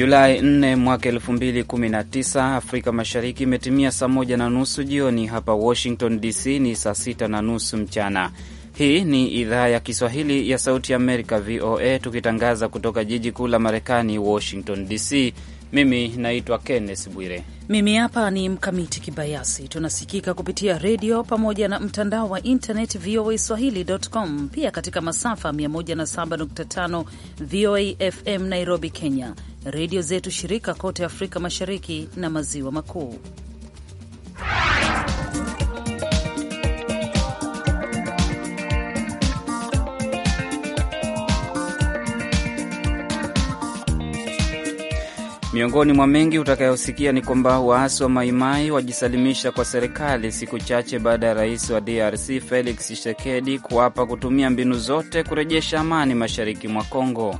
Julai 4 mwaka 2019, Afrika Mashariki imetimia saa moja na nusu jioni. Hapa Washington DC ni saa sita na nusu mchana. Hii ni idhaa ya Kiswahili ya Sauti ya Amerika, VOA, tukitangaza kutoka jiji kuu la Marekani, Washington DC. Mimi naitwa Kenneth Bwire. Mimi hapa ni Mkamiti Kibayasi. Tunasikika kupitia redio pamoja na mtandao wa internet VOA Swahili.com, pia katika masafa 107.5 VOA FM Nairobi, Kenya, redio zetu shirika kote Afrika Mashariki na Maziwa Makuu. Miongoni mwa mengi utakayosikia ni kwamba waasi wa Maimai wajisalimisha kwa serikali siku chache baada ya rais wa DRC Felix Tshisekedi kuapa kutumia mbinu zote kurejesha amani mashariki mwa Kongo.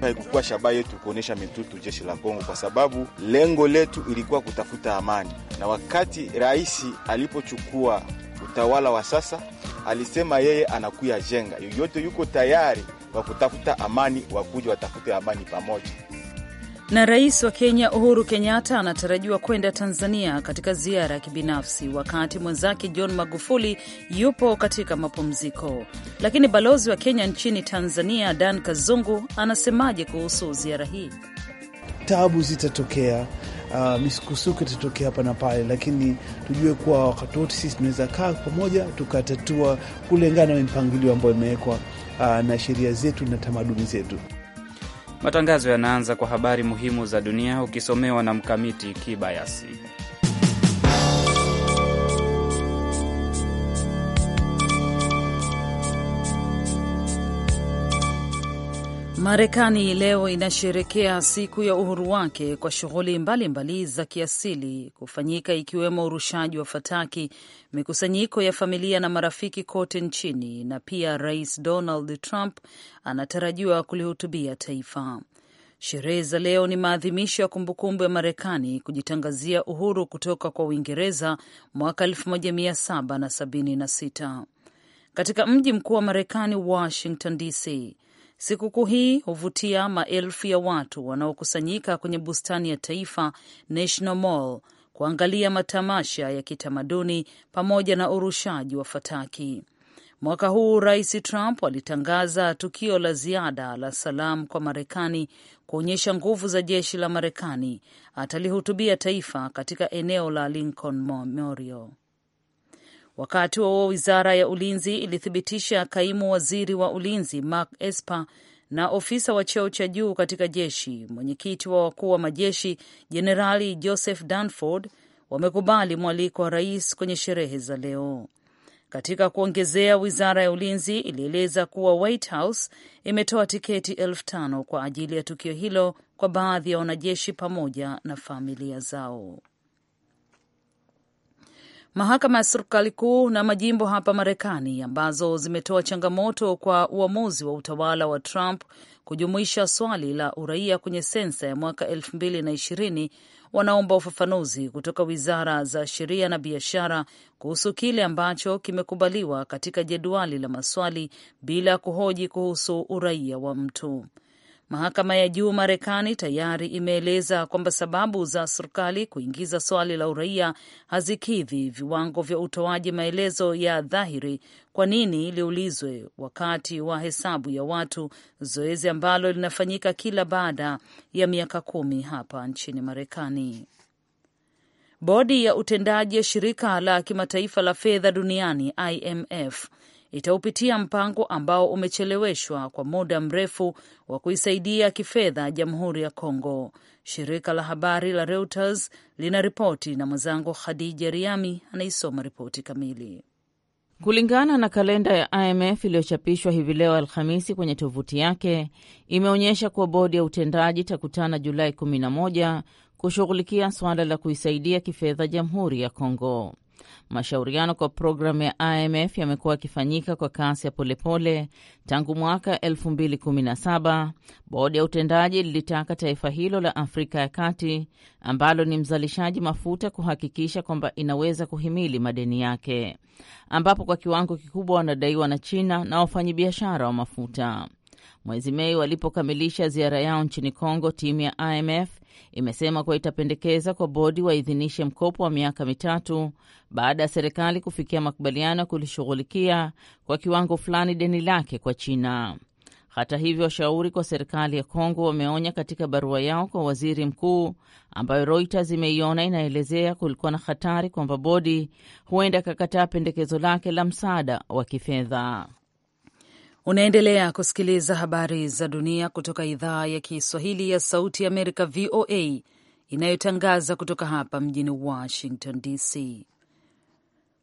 Haikukuwa shabaha yetu kuonyesha mitutu jeshi la Kongo, kwa sababu lengo letu ilikuwa kutafuta amani, na wakati rais alipochukua utawala wa sasa alisema yeye anakuya jenga yoyote, yuko tayari wa kutafuta amani, wakuja watafute amani pamoja. Na rais wa Kenya Uhuru Kenyatta anatarajiwa kwenda Tanzania katika ziara ya kibinafsi, wakati mwenzake John Magufuli yupo katika mapumziko. Lakini balozi wa Kenya nchini Tanzania Dan Kazungu anasemaje kuhusu ziara hii? Tabu zitatokea, uh, misukusuku itatokea hapa na pale, lakini tujue kuwa wakati wote sisi tunaweza kaa pamoja tukatatua kulingana na mipangilio ambayo imewekwa, uh, na sheria zetu na tamaduni zetu. Matangazo yanaanza kwa habari muhimu za dunia, ukisomewa na Mkamiti Kibayasi. Marekani leo inasherekea siku ya uhuru wake kwa shughuli mbalimbali za kiasili kufanyika ikiwemo urushaji wa fataki, mikusanyiko ya familia na marafiki kote nchini, na pia Rais Donald Trump anatarajiwa kulihutubia taifa. Sherehe za leo ni maadhimisho ya kumbukumbu ya Marekani kujitangazia uhuru kutoka kwa Uingereza mwaka 1776. Katika mji mkuu wa Marekani, Washington DC, Sikukuu hii huvutia maelfu ya watu wanaokusanyika kwenye bustani ya taifa National Mall kuangalia matamasha ya kitamaduni pamoja na urushaji wa fataki. Mwaka huu Rais Trump alitangaza tukio la ziada la salam kwa Marekani kuonyesha nguvu za jeshi la Marekani. Atalihutubia taifa katika eneo la Lincoln Memorial. Wakati huo wizara ya ulinzi ilithibitisha kaimu waziri wa ulinzi Mark Esper na ofisa wa cheo cha juu katika jeshi, mwenyekiti wa wakuu wa majeshi Jenerali Joseph Dunford wamekubali mwaliko wa rais kwenye sherehe za leo. Katika kuongezea, wizara ya ulinzi ilieleza kuwa White House imetoa tiketi elfu tano kwa ajili ya tukio hilo kwa baadhi ya wanajeshi pamoja na familia zao. Mahakama ya serikali kuu na majimbo hapa Marekani ambazo zimetoa changamoto kwa uamuzi wa utawala wa Trump kujumuisha swali la uraia kwenye sensa ya mwaka elfu mbili na ishirini wanaomba ufafanuzi kutoka wizara za sheria na biashara kuhusu kile ambacho kimekubaliwa katika jedwali la maswali bila kuhoji kuhusu uraia wa mtu. Mahakama ya juu Marekani tayari imeeleza kwamba sababu za serikali kuingiza swali la uraia hazikidhi viwango vya utoaji maelezo ya dhahiri kwa nini iliulizwe wakati wa hesabu ya watu, zoezi ambalo linafanyika kila baada ya miaka kumi hapa nchini Marekani. Bodi ya utendaji ya shirika la kimataifa la fedha duniani IMF itaupitia mpango ambao umecheleweshwa kwa muda mrefu wa kuisaidia kifedha Jamhuri ya Kongo. Shirika la habari la Reuters lina ripoti na mwenzangu Khadija Riami anaisoma ripoti kamili. Kulingana na kalenda ya IMF iliyochapishwa hivi leo Alhamisi kwenye tovuti yake, imeonyesha kuwa bodi ya utendaji itakutana Julai 11 kushughulikia suala la kuisaidia kifedha Jamhuri ya Kongo. Mashauriano kwa programu ya IMF yamekuwa yakifanyika kwa kasi ya polepole tangu mwaka 2017. Bodi ya utendaji lilitaka taifa hilo la Afrika ya Kati ambalo ni mzalishaji mafuta kuhakikisha kwamba inaweza kuhimili madeni yake, ambapo kwa kiwango kikubwa wanadaiwa na China na wafanyabiashara wa mafuta. Mwezi Mei walipokamilisha ziara yao nchini Kongo, timu ya IMF imesema kuwa itapendekeza kwa bodi waidhinishe mkopo wa miaka mitatu baada ya serikali kufikia makubaliano ya kulishughulikia kwa kiwango fulani deni lake kwa China. Hata hivyo, washauri kwa serikali ya Kongo wameonya katika barua yao kwa waziri mkuu, ambayo Reuters imeiona, inaelezea kulikuwa na hatari kwamba bodi huenda akakataa pendekezo lake la msaada wa kifedha. Unaendelea kusikiliza habari za dunia kutoka idhaa ya Kiswahili ya Sauti ya Amerika, VOA, inayotangaza kutoka hapa mjini Washington DC.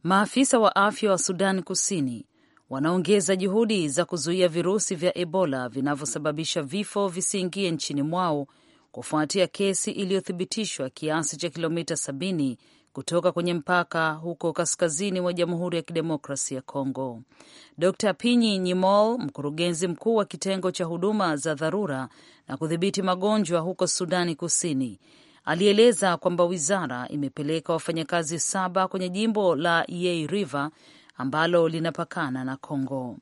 Maafisa wa afya wa Sudan Kusini wanaongeza juhudi za kuzuia virusi vya Ebola vinavyosababisha vifo visiingie nchini mwao kufuatia kesi iliyothibitishwa kiasi cha kilomita kutoka kwenye mpaka huko kaskazini mwa Jamhuri ya Kidemokrasi ya Kongo. Dr Pinyi Nyimol, mkurugenzi mkuu wa kitengo cha huduma za dharura na kudhibiti magonjwa huko Sudani Kusini, alieleza kwamba wizara imepeleka wafanyakazi saba kwenye jimbo la Yei River ambalo linapakana na Kongo.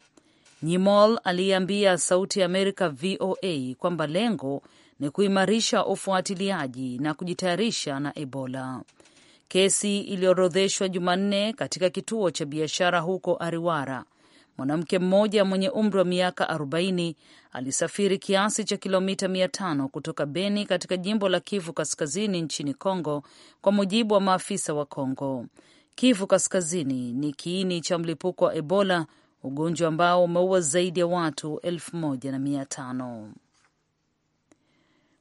Nyimol aliyeambia Sauti ya Amerika VOA kwamba lengo ni kuimarisha ufuatiliaji na kujitayarisha na Ebola. Kesi iliorodheshwa Jumanne katika kituo cha biashara huko Ariwara. Mwanamke mmoja mwenye umri wa miaka 40 alisafiri kiasi cha kilomita 500 kutoka Beni katika jimbo la Kivu Kaskazini nchini Kongo, kwa mujibu wa maafisa wa Kongo. Kivu Kaskazini ni kiini cha mlipuko wa Ebola, ugonjwa ambao umeua zaidi ya watu elfu moja na mia tano.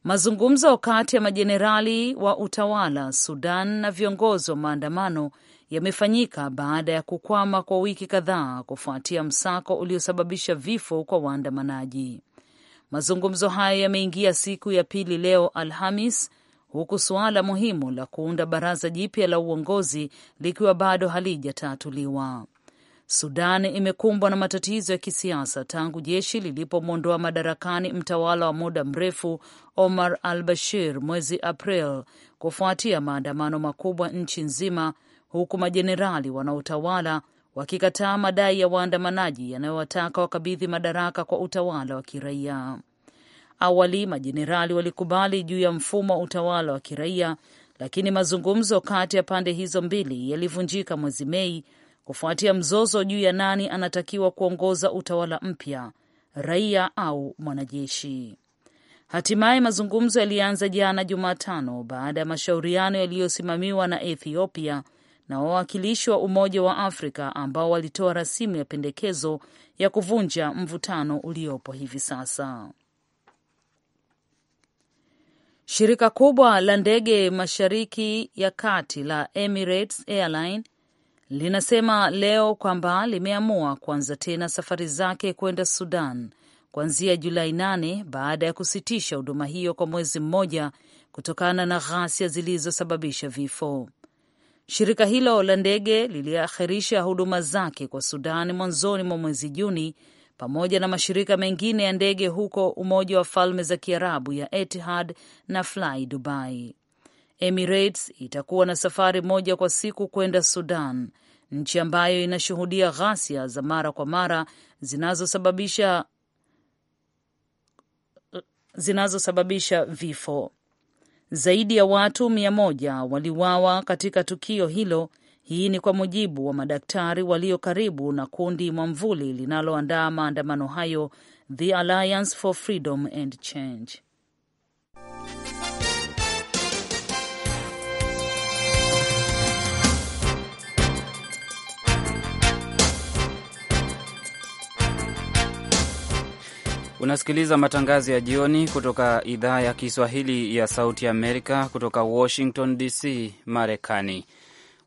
Mazungumzo kati ya majenerali wa utawala Sudan na viongozi wa maandamano yamefanyika baada ya kukwama kwa wiki kadhaa kufuatia msako uliosababisha vifo kwa waandamanaji. Mazungumzo hayo yameingia siku ya pili leo Alhamis, huku suala muhimu la kuunda baraza jipya la uongozi likiwa bado halijatatuliwa. Sudan imekumbwa na matatizo ya kisiasa tangu jeshi lilipomwondoa madarakani mtawala wa muda mrefu Omar al Bashir mwezi April kufuatia maandamano makubwa nchi nzima, huku majenerali wanaotawala wakikataa madai ya waandamanaji yanayowataka wakabidhi madaraka kwa utawala wa kiraia. Awali majenerali walikubali juu ya mfumo wa utawala wa kiraia, lakini mazungumzo kati ya pande hizo mbili yalivunjika mwezi Mei kufuatia mzozo juu ya nani anatakiwa kuongoza utawala mpya, raia au mwanajeshi. Hatimaye mazungumzo yalianza jana Jumatano baada ya mashauriano yaliyosimamiwa na Ethiopia na wawakilishi wa Umoja wa Afrika ambao walitoa rasimu ya pendekezo ya kuvunja mvutano uliopo hivi sasa. Shirika kubwa la ndege mashariki ya kati la Emirates Airline linasema leo kwamba limeamua kuanza tena safari zake kwenda Sudan kuanzia Julai nane baada ya kusitisha huduma hiyo kwa mwezi mmoja kutokana na ghasia zilizosababisha vifo. Shirika hilo la ndege liliakhirisha huduma zake kwa Sudan mwanzoni mwa mwezi Juni pamoja na mashirika mengine ya ndege huko Umoja wa Falme za Kiarabu ya Etihad na Fly Dubai. Emirates itakuwa na safari moja kwa siku kwenda Sudan, nchi ambayo inashuhudia ghasia za mara kwa mara zinazosababisha zinazosababisha vifo. Zaidi ya watu mia moja waliuawa katika tukio hilo. Hii ni kwa mujibu wa madaktari walio karibu na kundi mwamvuli linaloandaa maandamano hayo, The Alliance for Freedom and Change. Unasikiliza matangazo ya jioni kutoka idhaa ya Kiswahili ya Sauti Amerika kutoka Washington DC, Marekani.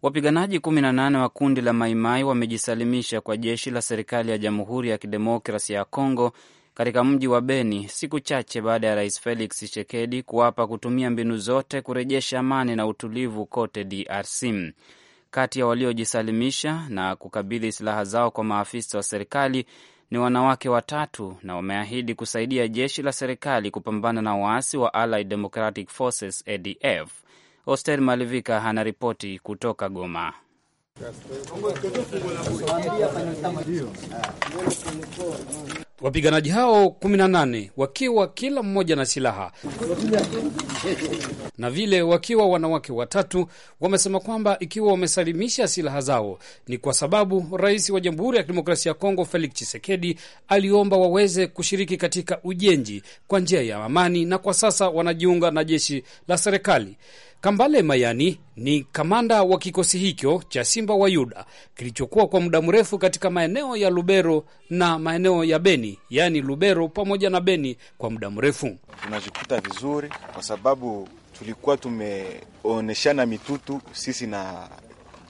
Wapiganaji 18 wa kundi la Maimai wamejisalimisha kwa jeshi la serikali ya Jamhuri ya Kidemokrasia ya congo katika mji wa Beni siku chache baada ya Rais Felix Tshisekedi kuapa kutumia mbinu zote kurejesha amani na utulivu kote DRC. Kati ya waliojisalimisha na kukabidhi silaha zao kwa maafisa wa serikali ni wanawake watatu na wameahidi kusaidia jeshi la serikali kupambana na waasi wa Allied Democratic Forces ADF. Oster Malivika anaripoti kutoka Goma wapiganaji hao 18 wakiwa kila mmoja na silaha na vile wakiwa wanawake watatu, wamesema kwamba ikiwa wamesalimisha silaha zao ni kwa sababu rais wa Jamhuri ya Kidemokrasia ya Kongo Felix Tshisekedi aliomba waweze kushiriki katika ujenzi kwa njia ya amani, na kwa sasa wanajiunga na jeshi la serikali. Kambale Mayani ni kamanda wa kikosi hicho cha Simba wa Yuda kilichokuwa kwa muda mrefu katika maeneo ya Lubero na maeneo ya Beni, yaani Lubero pamoja na Beni. Kwa muda mrefu tunajikuta vizuri, kwa sababu tulikuwa tumeoneshana mitutu sisi na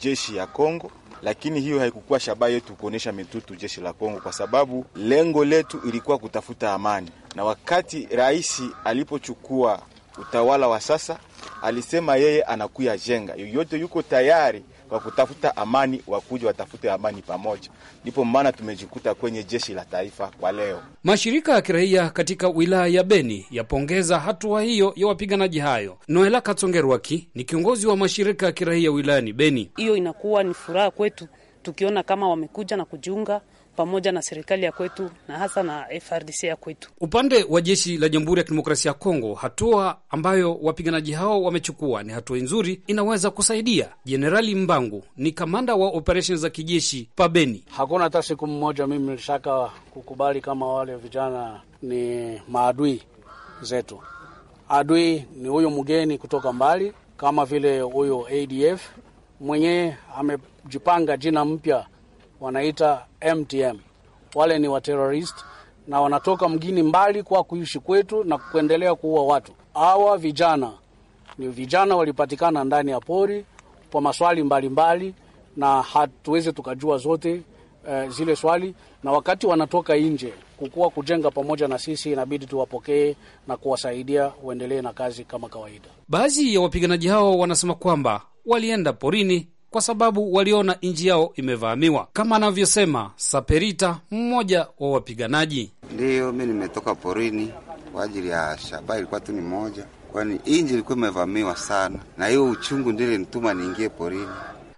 jeshi ya Kongo, lakini hiyo haikukuwa shabaha yetu kuonyesha mitutu jeshi la Kongo, kwa sababu lengo letu ilikuwa kutafuta amani. Na wakati rais alipochukua utawala wa sasa, alisema yeye anakuya jenga yoyote, yuko tayari kwa kutafuta amani, wakuja watafute amani pamoja. Ndipo maana tumejikuta kwenye jeshi la taifa kwa leo. Mashirika ya kiraia katika wilaya ya Beni yapongeza hatua hiyo ya wapiganaji hayo. Noela Katsongerwaki ni kiongozi wa mashirika ya kiraia wilayani Beni. Hiyo inakuwa ni furaha kwetu tukiona kama wamekuja na kujiunga pamoja na serikali ya kwetu na hasa na FRDC ya kwetu. Upande wa jeshi la Jamhuri ya Kidemokrasia ya Kongo, hatua ambayo wapiganaji hao wamechukua ni hatua nzuri, inaweza kusaidia. Jenerali Mbangu ni kamanda wa operesheni za kijeshi Pabeni. Hakuna hata siku mmoja mimi nilishaka kukubali kama wale vijana ni maadui zetu. Adui ni huyo mgeni kutoka mbali, kama vile huyo ADF mwenyewe amejipanga jina mpya wanaita MTM. Wale ni waterorist na wanatoka mgini mbali kwa kuishi kwetu na kuendelea kuua watu. Hawa vijana ni vijana walipatikana ndani ya pori kwa maswali mbalimbali mbali, na hatuwezi tukajua zote e, zile swali, na wakati wanatoka nje kukuwa kujenga pamoja na sisi, inabidi tuwapokee na kuwasaidia waendelee na kazi kama kawaida. Baadhi ya wapiganaji hao wanasema kwamba walienda porini kwa sababu waliona nchi yao imevamiwa, kama anavyosema Saperita, mmoja wa wapiganaji. Ndiyo, mi nimetoka porini kwa ajili ya shaba ilikuwa tu ni moja, kwani inji ilikuwa imevamiwa sana, na hiyo uchungu ndio ilinituma niingie porini.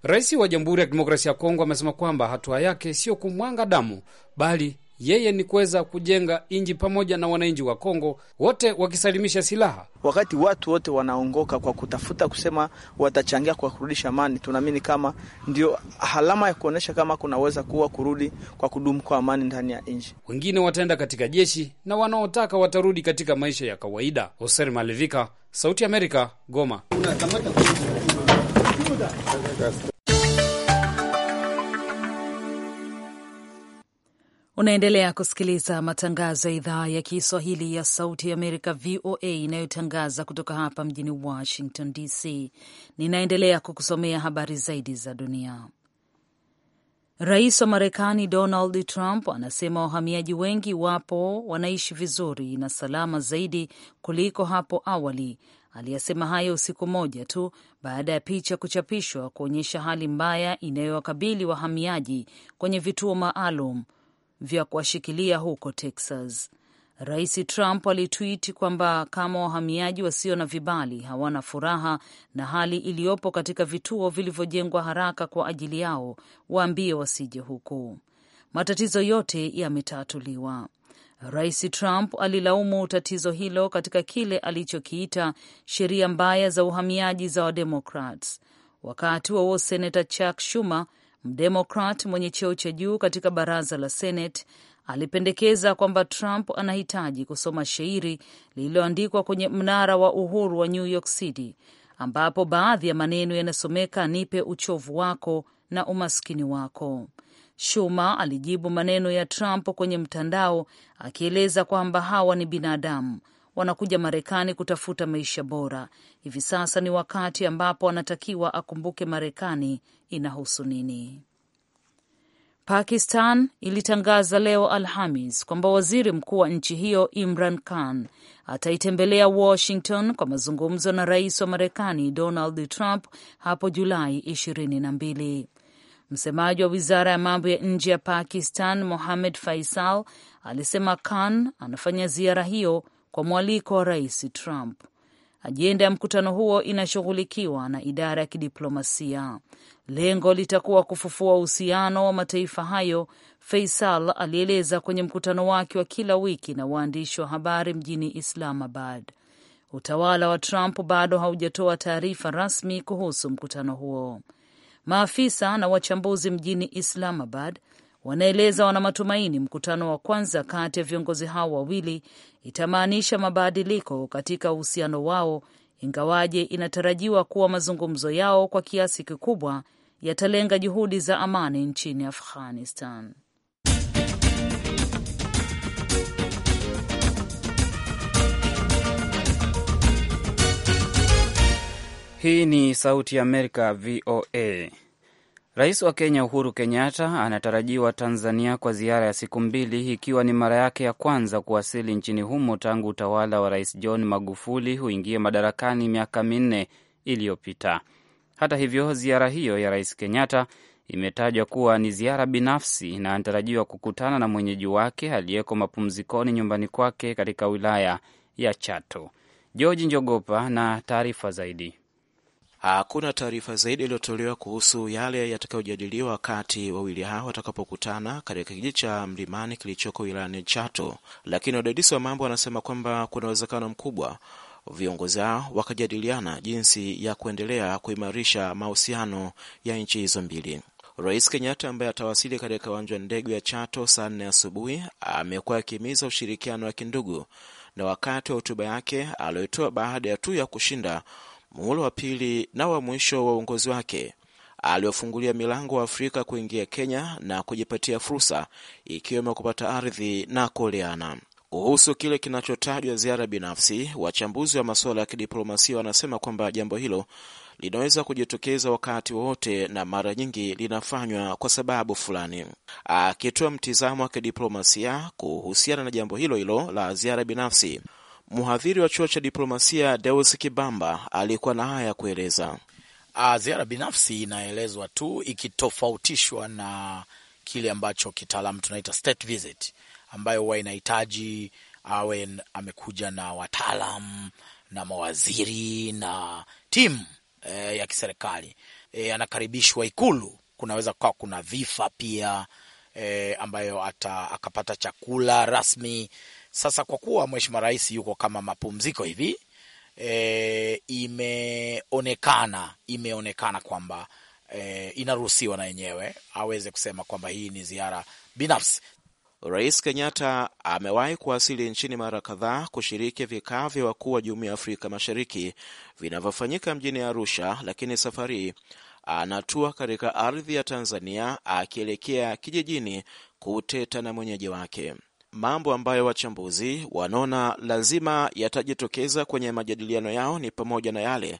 Rais wa Jamhuri ya Kidemokrasia ya Kongo amesema kwamba hatua yake sio kumwanga damu, bali yeye ni kuweza kujenga nji pamoja na wananchi wa Kongo wote wakisalimisha silaha. Wakati watu wote wanaongoka kwa kutafuta kusema watachangia kwa kurudisha amani, tunaamini kama ndio alama ya kuonyesha kama kunaweza kuwa kurudi kwa kudumu kwa amani ndani ya nji Wengine wataenda katika jeshi na wanaotaka watarudi katika maisha ya kawaida. Hoser Malevika, Sauti ya Amerika, Goma. Unaendelea kusikiliza matangazo ya idhaa ya Kiswahili ya Sauti ya Amerika, VOA, inayotangaza kutoka hapa mjini Washington DC. Ninaendelea kukusomea habari zaidi za dunia. Rais wa Marekani Donald Trump anasema wahamiaji wengi wapo wanaishi vizuri na salama zaidi kuliko hapo awali. Aliyasema hayo usiku moja tu baada ya picha kuchapishwa kuonyesha hali mbaya inayowakabili wahamiaji kwenye vituo maalum vya kuwashikilia huko Texas. Rais Trump alitwiti kwamba kama wahamiaji wasio na vibali hawana furaha na hali iliyopo katika vituo vilivyojengwa haraka kwa ajili yao, waambie wasije huku. Matatizo yote yametatuliwa. Rais Trump alilaumu tatizo hilo katika kile alichokiita sheria mbaya za uhamiaji za Wademokrats. Wakati wao, Senata Chuck Schumer Mdemokrat mwenye cheo cha juu katika baraza la Senate alipendekeza kwamba Trump anahitaji kusoma shairi lililoandikwa kwenye mnara wa uhuru wa New York City, ambapo baadhi ya maneno yanasomeka, nipe uchovu wako na umaskini wako. Schumer alijibu maneno ya Trump kwenye mtandao akieleza kwamba hawa ni binadamu wanakuja Marekani kutafuta maisha bora. Hivi sasa ni wakati ambapo anatakiwa akumbuke Marekani inahusu nini. Pakistan ilitangaza leo Alhamis kwamba waziri mkuu wa nchi hiyo Imran Khan ataitembelea Washington kwa mazungumzo na rais wa Marekani Donald Trump hapo Julai ishirini na mbili. Msemaji wa wizara ya mambo ya nje ya Pakistan Mohamed Faisal alisema Khan anafanya ziara hiyo kwa mwaliko wa Rais Trump. Ajenda ya mkutano huo inashughulikiwa na idara ya kidiplomasia. Lengo litakuwa kufufua uhusiano wa mataifa hayo, Faisal alieleza kwenye mkutano wake wa kila wiki na waandishi wa habari mjini Islamabad. Utawala wa Trump bado haujatoa taarifa rasmi kuhusu mkutano huo. Maafisa na wachambuzi mjini Islamabad wanaeleza wana matumaini mkutano wa kwanza kati ya viongozi hao wawili itamaanisha mabadiliko katika uhusiano wao, ingawaje inatarajiwa kuwa mazungumzo yao kwa kiasi kikubwa yatalenga juhudi za amani nchini Afghanistan. Hii ni Sauti ya Amerika, VOA. Rais wa Kenya Uhuru Kenyatta anatarajiwa Tanzania kwa ziara ya siku mbili, ikiwa ni mara yake ya kwanza kuwasili nchini humo tangu utawala wa Rais John Magufuli huingie madarakani miaka minne iliyopita. Hata hivyo, ziara hiyo ya Rais Kenyatta imetajwa kuwa ni ziara binafsi na anatarajiwa kukutana na mwenyeji wake aliyeko mapumzikoni nyumbani kwake katika wilaya ya Chato. George Njogopa na taarifa zaidi. Hakuna taarifa zaidi iliyotolewa kuhusu yale yatakayojadiliwa wakati wawili hao watakapokutana katika kijiji cha Mlimani kilichoko wilayani Chato, lakini wadadisi wa mambo wanasema kwamba kuna uwezekano mkubwa viongozi hao wakajadiliana jinsi ya kuendelea kuimarisha mahusiano ya nchi hizo mbili. Rais Kenyatta ambaye atawasili katika uwanja wa ndege ya Chato saa nne asubuhi amekuwa akihimiza ushirikiano wa kindugu, na wakati wa hotuba yake aliyoitoa baada ya tu ya kushinda muhula wa pili na wa mwisho wa uongozi wake aliofungulia milango wa Afrika kuingia Kenya na kujipatia fursa ikiwemo kupata ardhi na kuoleana. Kuhusu kile kinachotajwa ziara binafsi, wachambuzi wa masuala ya kidiplomasia wanasema kwamba jambo hilo linaweza kujitokeza wakati wowote na mara nyingi linafanywa kwa sababu fulani. Akitoa mtizamo wa kidiplomasia kuhusiana na jambo hilo hilo la ziara binafsi, Mhadhiri wa chuo cha diplomasia Deus Kibamba alikuwa na haya ya kueleza. Ah, ziara binafsi inaelezwa tu ikitofautishwa na kile ambacho kitaalamu tunaita state visit, ambayo huwa inahitaji awe amekuja na wataalam na mawaziri na timu e, eh, ya kiserikali e, anakaribishwa Ikulu. Kunaweza kukawa kuna vifa pia e, ambayo ata akapata chakula rasmi sasa kwa kuwa mheshimiwa rais yuko kama mapumziko hivi e, imeonekana imeonekana kwamba e, inaruhusiwa na yenyewe aweze kusema kwamba hii ni ziara binafsi. Rais Kenyatta amewahi kuwasili nchini mara kadhaa kushiriki vikao vya wakuu wa jumuiya ya Afrika Mashariki vinavyofanyika mjini Arusha, lakini safari anatua katika ardhi ya Tanzania akielekea kijijini kuteta na mwenyeji wake. Mambo ambayo wachambuzi wanaona lazima yatajitokeza kwenye majadiliano yao ni pamoja na yale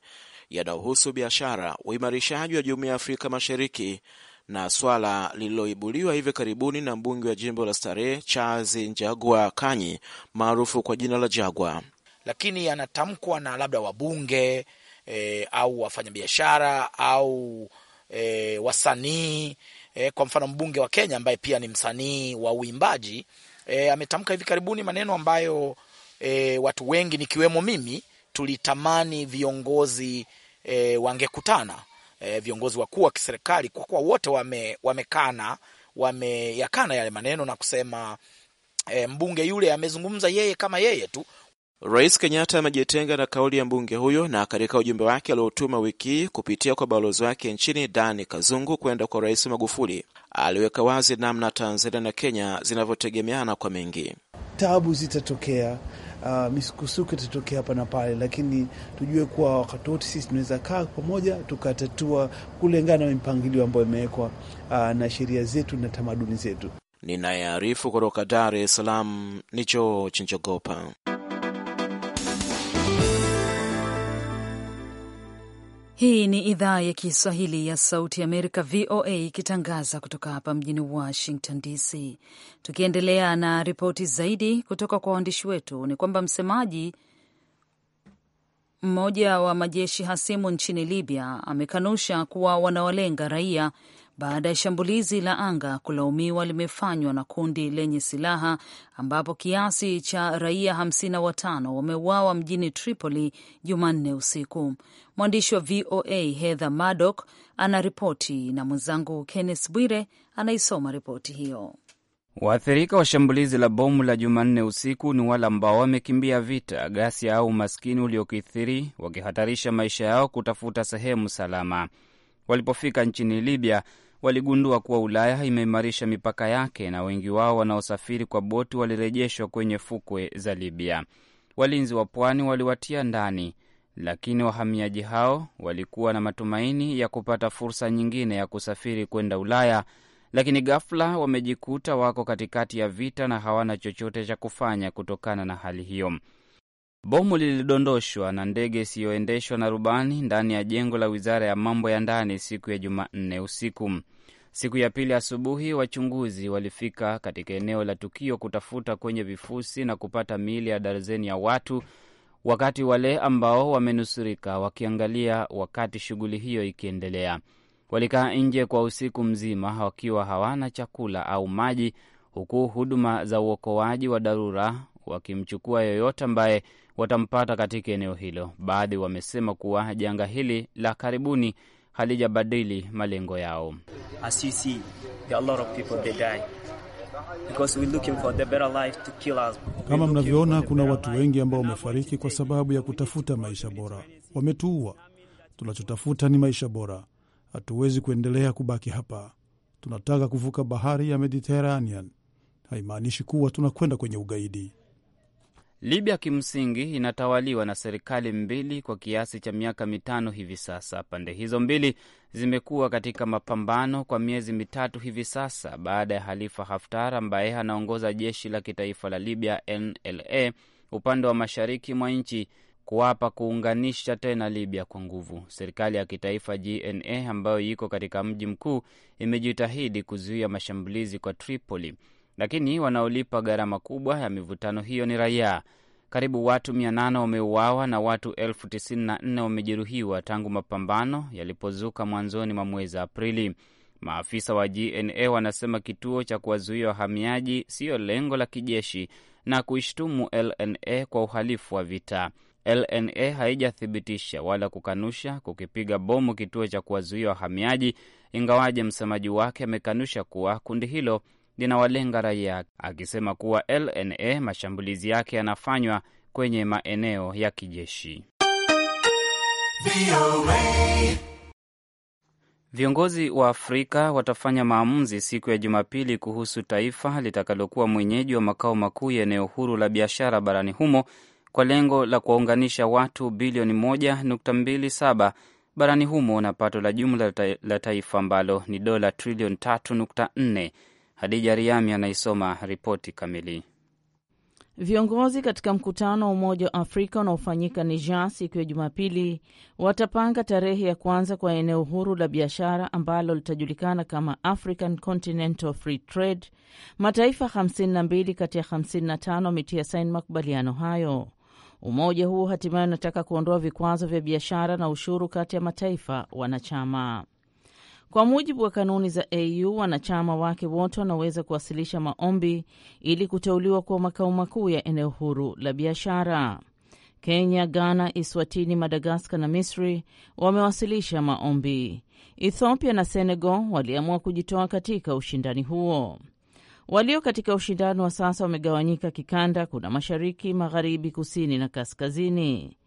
yanayohusu biashara, uimarishaji wa jumuiya ya Afrika Mashariki na swala lililoibuliwa hivi karibuni na mbunge wa jimbo la Starehe Charles Njagua Kanyi maarufu kwa jina la Jagwa, lakini yanatamkwa na labda wabunge e, au wafanyabiashara au e, wasanii e, kwa mfano mbunge wa Kenya ambaye pia ni msanii wa uimbaji e, ametamka hivi karibuni maneno ambayo e, watu wengi nikiwemo mimi tulitamani viongozi e, wangekutana e, viongozi wakuu wa kiserikali kwa kuwa wote wame, wamekana wameyakana yale maneno na kusema e, mbunge yule amezungumza yeye kama yeye tu, Rais Kenyatta amejitenga na kauli ya mbunge huyo, na katika ujumbe wake aliotuma wiki hii kupitia kwa balozi wake nchini Dani Kazungu kwenda kwa Rais Magufuli, aliweka wazi namna Tanzania na Kenya zinavyotegemeana kwa mengi. Tabu zitatokea, uh, misukusuku itatokea hapa na pale, lakini tujue kuwa wakati wote sisi tunaweza kaa pamoja tukatatua kulingana na mipangilio ambayo imewekwa, uh, na sheria zetu na tamaduni zetu. Ninayearifu kutoka Dar es Salaam ni George Njogopa. Hii ni idhaa ya Kiswahili ya Sauti Amerika, VOA, ikitangaza kutoka hapa mjini Washington DC. Tukiendelea na ripoti zaidi kutoka kwa waandishi wetu, ni kwamba msemaji mmoja wa majeshi hasimu nchini Libya amekanusha kuwa wanawalenga raia baada ya shambulizi la anga kulaumiwa limefanywa na kundi lenye silaha ambapo kiasi cha raia 55 wameuawa mjini Tripoli Jumanne usiku. Mwandishi wa VOA Heather Maddock anaripoti na mwenzangu Kenneth Bwire anaisoma ripoti hiyo. Waathirika wa shambulizi la bomu la Jumanne usiku ni wale ambao wamekimbia vita, ghasia au umaskini uliokithiri, wakihatarisha maisha yao kutafuta sehemu salama. Walipofika nchini Libya, waligundua kuwa Ulaya imeimarisha mipaka yake na wengi wao wanaosafiri kwa boti walirejeshwa kwenye fukwe za Libya. Walinzi wa pwani waliwatia ndani, lakini wahamiaji hao walikuwa na matumaini ya kupata fursa nyingine ya kusafiri kwenda Ulaya, lakini ghafla wamejikuta wako katikati ya vita na hawana chochote cha kufanya. Kutokana na hali hiyo, bomu lilidondoshwa na ndege isiyoendeshwa na rubani ndani ya jengo la wizara ya mambo ya ndani siku ya Jumanne usiku. Siku ya pili asubuhi, wachunguzi walifika katika eneo la tukio kutafuta kwenye vifusi na kupata miili ya darzeni ya watu, wakati wale ambao wamenusurika wakiangalia wakati shughuli hiyo ikiendelea. Walikaa nje kwa usiku mzima wakiwa hawana chakula au maji, huku huduma za uokoaji wa dharura wakimchukua yoyote ambaye watampata katika eneo hilo. Baadhi wamesema kuwa janga hili la karibuni halijabadili malengo yao. Kama mnavyoona, kuna watu wengi ambao wamefariki kwa sababu ya kutafuta maisha bora, wametuua. Tunachotafuta ni maisha bora. Hatuwezi kuendelea kubaki hapa. Tunataka kuvuka bahari ya Mediterranean. Haimaanishi kuwa tunakwenda kwenye ugaidi. Libya kimsingi inatawaliwa na serikali mbili kwa kiasi cha miaka mitano hivi sasa. Pande hizo mbili zimekuwa katika mapambano kwa miezi mitatu hivi sasa baada ya Halifa Haftar ambaye anaongoza jeshi la kitaifa la Libya NLA upande wa mashariki mwa nchi kuapa kuunganisha tena Libya kwa nguvu. Serikali ya kitaifa GNA ambayo iko katika mji mkuu imejitahidi kuzuia mashambulizi kwa Tripoli lakini wanaolipa gharama kubwa ya mivutano hiyo ni raia. Karibu watu 800 wameuawa na watu 94 wamejeruhiwa tangu mapambano yalipozuka mwanzoni mwa mwezi Aprili. Maafisa wa GNA wanasema kituo cha kuwazuia wahamiaji siyo lengo la kijeshi na kuishtumu LNA kwa uhalifu wa vita. LNA haijathibitisha wala kukanusha kukipiga bomu kituo cha kuwazuia wahamiaji, ingawaje msemaji wake amekanusha kuwa kundi hilo linawalenga raia, akisema kuwa LNA mashambulizi yake yanafanywa kwenye maeneo ya kijeshi. Viongozi wa Afrika watafanya maamuzi siku ya Jumapili kuhusu taifa litakalokuwa mwenyeji wa makao makuu ya eneo huru la biashara barani humo kwa lengo la kuwaunganisha watu bilioni 1.27 barani humo na pato la jumla la taifa ambalo ni dola trilioni 3.4. Hadija Riami anaisoma ripoti kamili. Viongozi katika mkutano wa Umoja wa Afrika unaofanyika Niger siku ya Jumapili watapanga tarehe ya kwanza kwa eneo huru la biashara ambalo litajulikana kama African Continental Free Trade. Mataifa 52 kati ya 55 wametia saini makubaliano hayo. Umoja huo hatimaye unataka kuondoa vikwazo vya biashara na ushuru kati ya mataifa wanachama. Kwa mujibu wa kanuni za AU, wanachama wake wote wanaweza kuwasilisha maombi ili kuteuliwa kuwa makao makuu ya eneo huru la biashara. Kenya, Ghana, Iswatini, Madagaskar na Misri wamewasilisha maombi. Ethiopia na Senegal waliamua kujitoa katika ushindani huo. Walio katika ushindani wa sasa wamegawanyika kikanda, kuna mashariki, magharibi, kusini na kaskazini.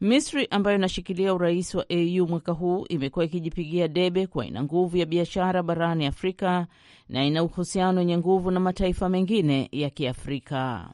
Misri ambayo inashikilia urais wa AU mwaka huu imekuwa ikijipigia debe kuwa ina nguvu ya biashara barani Afrika na ina uhusiano wenye nguvu na mataifa mengine ya Kiafrika.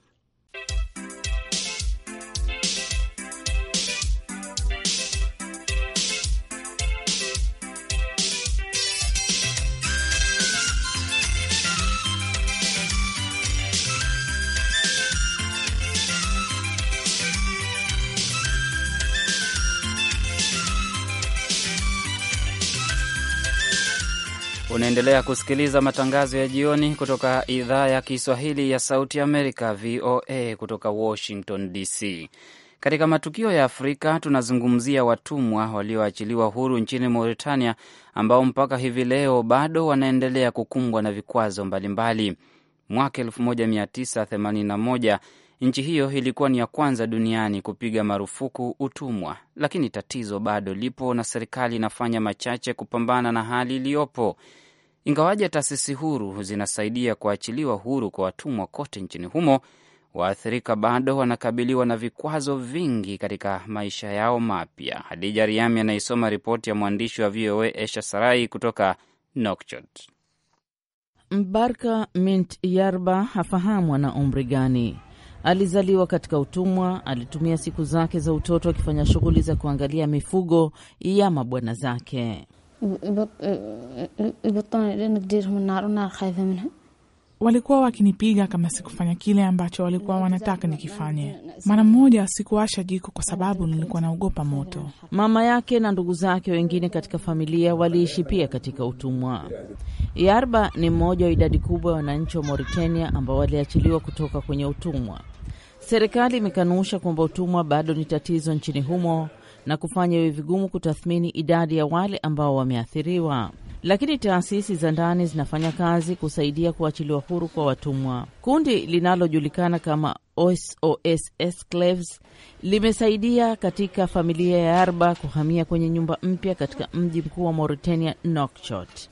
Unaendelea kusikiliza matangazo ya jioni kutoka idhaa ya Kiswahili ya Sauti Amerika, VOA, kutoka Washington DC. Katika matukio ya Afrika tunazungumzia watumwa walioachiliwa huru nchini Mauritania, ambao mpaka hivi leo bado wanaendelea kukumbwa na vikwazo mbalimbali. Mwaka 1981 nchi hiyo ilikuwa ni ya kwanza duniani kupiga marufuku utumwa, lakini tatizo bado lipo na serikali inafanya machache kupambana na hali iliyopo. Ingawaje taasisi huru zinasaidia kuachiliwa huru kwa watumwa kote nchini humo, waathirika bado wanakabiliwa na vikwazo vingi katika maisha yao mapya. Hadija Riami anaisoma ripoti ya mwandishi wa VOA Esha Sarai kutoka nokchot Mbarka Mint Yarba hafahamu ana umri gani. Alizaliwa katika utumwa. Alitumia siku zake za utoto akifanya shughuli za kuangalia mifugo ya mabwana zake khaifa uh, uh, Walikuwa wakinipiga kama sikufanya kile ambacho walikuwa wanataka nikifanye. Mara mmoja sikuwasha jiko kwa sababu nilikuwa naogopa moto. Mama yake na ndugu zake wengine katika familia waliishi pia katika utumwa. Yarba ni mmoja wa idadi kubwa ya wananchi wa Mauritania ambao waliachiliwa kutoka kwenye utumwa. Serikali imekanusha kwamba utumwa bado ni tatizo nchini humo na kufanya iwe vigumu kutathmini idadi ya wale ambao wameathiriwa, lakini taasisi za ndani zinafanya kazi kusaidia kuachiliwa huru kwa watumwa. Kundi linalojulikana kama SOS limesaidia katika familia ya Arba kuhamia kwenye nyumba mpya katika mji mkuu wa Mauritania, Nouakchott.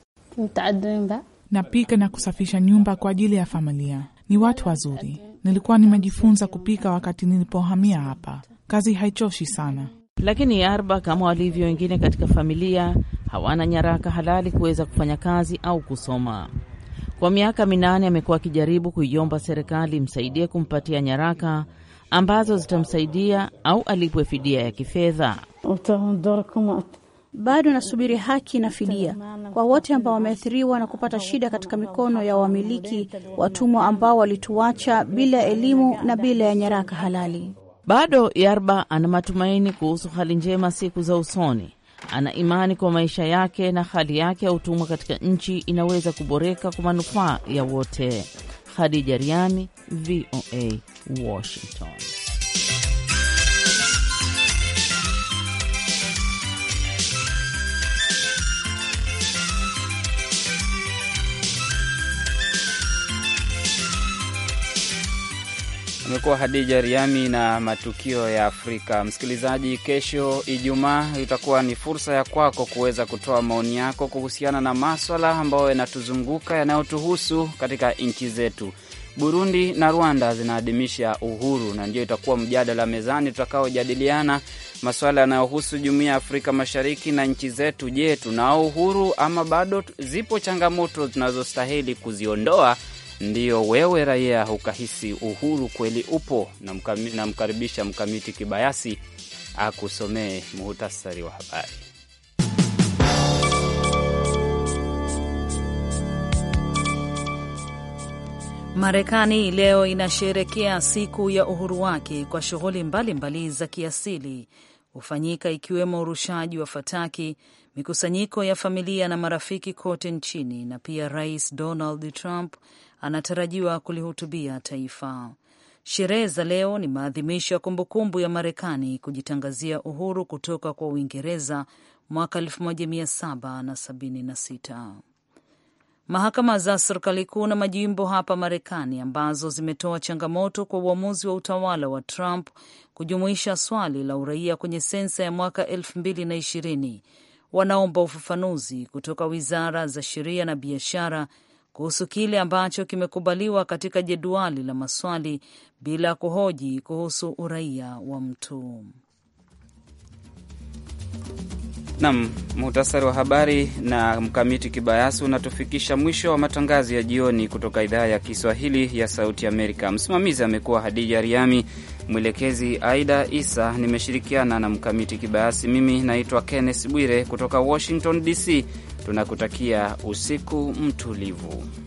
Napika na kusafisha nyumba kwa ajili ya familia. Ni watu wazuri. Nilikuwa nimejifunza kupika wakati nilipohamia hapa. Kazi haichoshi sana. Lakini Arba kama walivyo wengine katika familia hawana nyaraka halali kuweza kufanya kazi au kusoma. Kwa miaka minane amekuwa akijaribu kuiomba serikali imsaidie kumpatia nyaraka ambazo zitamsaidia au alipwe fidia ya kifedha. Bado nasubiri haki na fidia kwa wote ambao wameathiriwa na kupata shida katika mikono ya wamiliki watumwa ambao walituacha bila elimu na bila ya nyaraka halali. Bado Yarba ana matumaini kuhusu hali njema siku za usoni. Ana imani kwa maisha yake na hali yake ya utumwa katika nchi inaweza kuboreka kwa manufaa ya wote. Khadija Riami, VOA, Washington. Umekuwa Hadija Riami na matukio ya Afrika. Msikilizaji, kesho Ijumaa itakuwa ni fursa ya kwako kuweza kutoa maoni yako kuhusiana na maswala ambayo yanatuzunguka yanayotuhusu katika nchi zetu. Burundi na Rwanda zinaadhimisha uhuru na ndio itakuwa mjadala mezani tutakaojadiliana masuala yanayohusu jumuiya ya Afrika Mashariki na nchi zetu. Je, tunao uhuru ama bado zipo changamoto zinazostahili kuziondoa ndio wewe raia hukahisi uhuru kweli upo. Namkaribisha na Mkamiti Kibayasi akusomee muhutasari wa habari. Marekani leo inasherekea siku ya uhuru wake kwa shughuli mbalimbali za kiasili hufanyika ikiwemo urushaji wa fataki, mikusanyiko ya familia na marafiki kote nchini, na pia Rais Donald Trump anatarajiwa kulihutubia taifa. Sherehe za leo ni maadhimisho ya kumbukumbu ya Marekani kujitangazia uhuru kutoka kwa Uingereza mwaka 1776. Mahakama za serikali kuu na majimbo hapa Marekani ambazo zimetoa changamoto kwa uamuzi wa utawala wa Trump kujumuisha swali la uraia kwenye sensa ya mwaka elfu mbili na ishirini wanaomba ufafanuzi kutoka wizara za sheria na biashara kuhusu kile ambacho kimekubaliwa katika jedwali la maswali bila kuhoji kuhusu uraia wa mtu. Nam, muhtasari wa habari na Mkamiti Kibayasi unatufikisha mwisho wa matangazo ya jioni kutoka idhaa ya Kiswahili ya Sauti Amerika. Msimamizi amekuwa Hadija Riami, mwelekezi Aida Isa, nimeshirikiana na Mkamiti Kibayasi. Mimi naitwa Kenneth Bwire kutoka Washington DC. Tunakutakia usiku mtulivu.